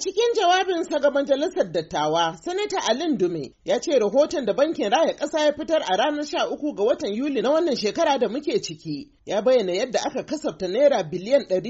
cikin jawabinsa ga majalisar dattawa, Sanata Alin Dume ya ce rahoton da bankin raya ƙasa ya fitar a ranar sha uku ga watan Yuli na wannan shekara da muke ciki, ya bayyana yadda aka kasafta naira biliyan da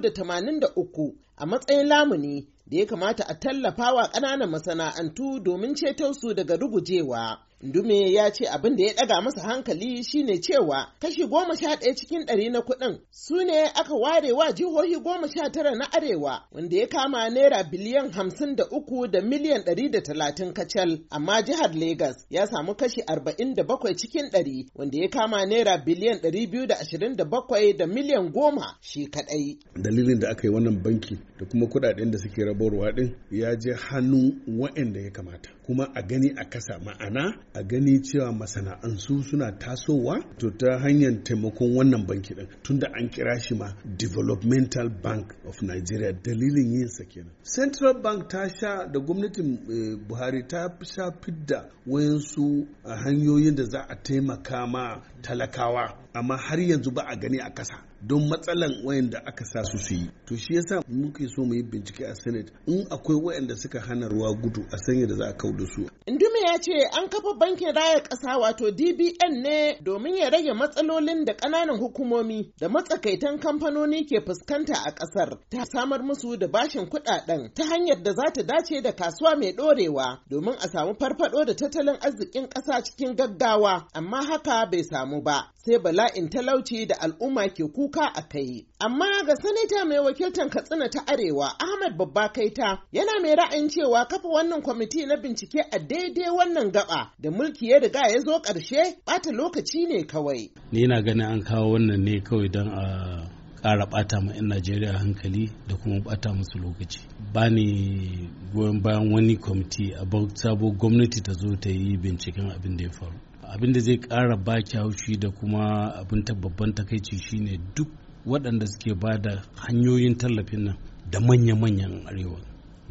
da tamanin uku. a matsayin lamuni da ya kamata a tallafa wa ƙananan masana'antu domin ceto su daga rugujewa. Ndume ya ce abin da ya ɗaga masa hankali shine cewa kashi goma sha ɗaya cikin ɗari na kuɗin su ne aka ware wa jihohi goma sha tara na arewa wanda ya kama naira biliyan hamsin da uku da miliyan ɗari da talatin kacal amma jihar Legas ya samu kashi arba'in da bakwai cikin ɗari wanda ya kama naira biliyan ɗari biyu da ashirin da bakwai da miliyan goma shi kaɗai. Dalilin da aka yi wannan banki da kuma kudaden da suke rabarwa din ya je hannu waɗanda ya kamata kuma a gani a kasa ma'ana a gani cewa masana'ansu suna tasowa to ta hanyar taimakon wannan banki din tunda an kira shi ma developmental bank of nigeria dalilin yin sa kenan central bank ta sha da gwamnatin eh, buhari ta sha fidda wayansu eh, hanyoyin da za a taimaka ma talakawa amma har yanzu ba a gani a kasa don matsalan wayanda aka sa su su yi to shi yasa muke so mu yi bincike a senate in akwai wayanda suka hana ruwa gudu a sanya da za a da su Ndume ya ce an kafa bankin raya ƙasa wato DBN ne domin ya rage matsalolin da ƙananan hukumomi da matsakaitan kamfanoni ke fuskanta a ƙasar ta samar musu da bashin kuɗaɗen ta hanyar da za ta dace da kasuwa mai ɗorewa domin a samu farfaɗo da tattalin arzikin ƙasa cikin gaggawa amma haka bai samu ba sai bala'in talauci da al'umma ke ku kuka a kai. Amma ga sanata mai wakiltar Katsina ta Arewa Ahmad Babba Kaita yana mai ra'ayin cewa kafa wannan kwamiti na bincike a daidai wannan gaba da mulki ya riga ya zo ƙarshe ɓata lokaci ne kawai. Ni na ganin an kawo wannan ne kawai don a kara bata ma 'yan najeriya hankali da kuma bata musu lokaci ba ni goyon bayan wani kwamiti a sabo gwamnati ta zo ta yi binciken abin da ya faru abin da zai kara ba haushi da kuma abin babban takaici shine duk waɗanda suke ba da hanyoyin tallafin nan da manya-manyan arewa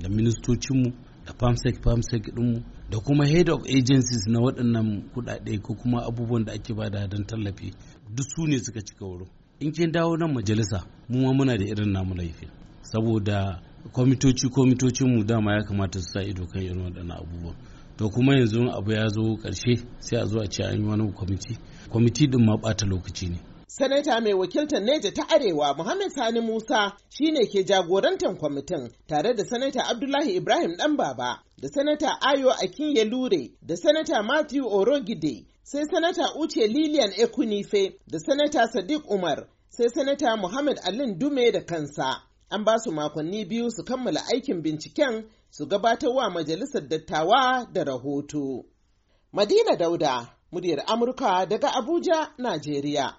da ministocinmu da famsec famsec ɗinmu da kuma head of agencies na waɗannan kuɗaɗe ko kuma abubuwan da ake bada don tallafi duk su ne suka cika wurin in kin dawo nan majalisa mu ma muna da irin namu laifin saboda kwamitoci kwamitocinmu dama ya kamata su sa ido kan irin waɗannan abubuwan to kuma yanzu abu ya zo karshe sai a zo a ce an yi wani kwamiti kwamiti din ma bata lokaci ne Sanata mai wakiltar Neja ta Arewa Muhammad Sani Musa shine ke jagorantar kwamitin tare da Sanata Abdullahi Ibrahim Dan Baba da Sanata Ayo Akinye Lure da Sanata Matthew Orogide sai Sanata Uche Lilian Ekunife da Sanata Sadiq Umar sai Sanata Muhammad Alin Dume da kansa. an ba su makonni biyu su kammala aikin binciken su gabatar wa majalisar dattawa da rahoto. Madina Dauda, muryar Amurka daga Abuja, Najeriya.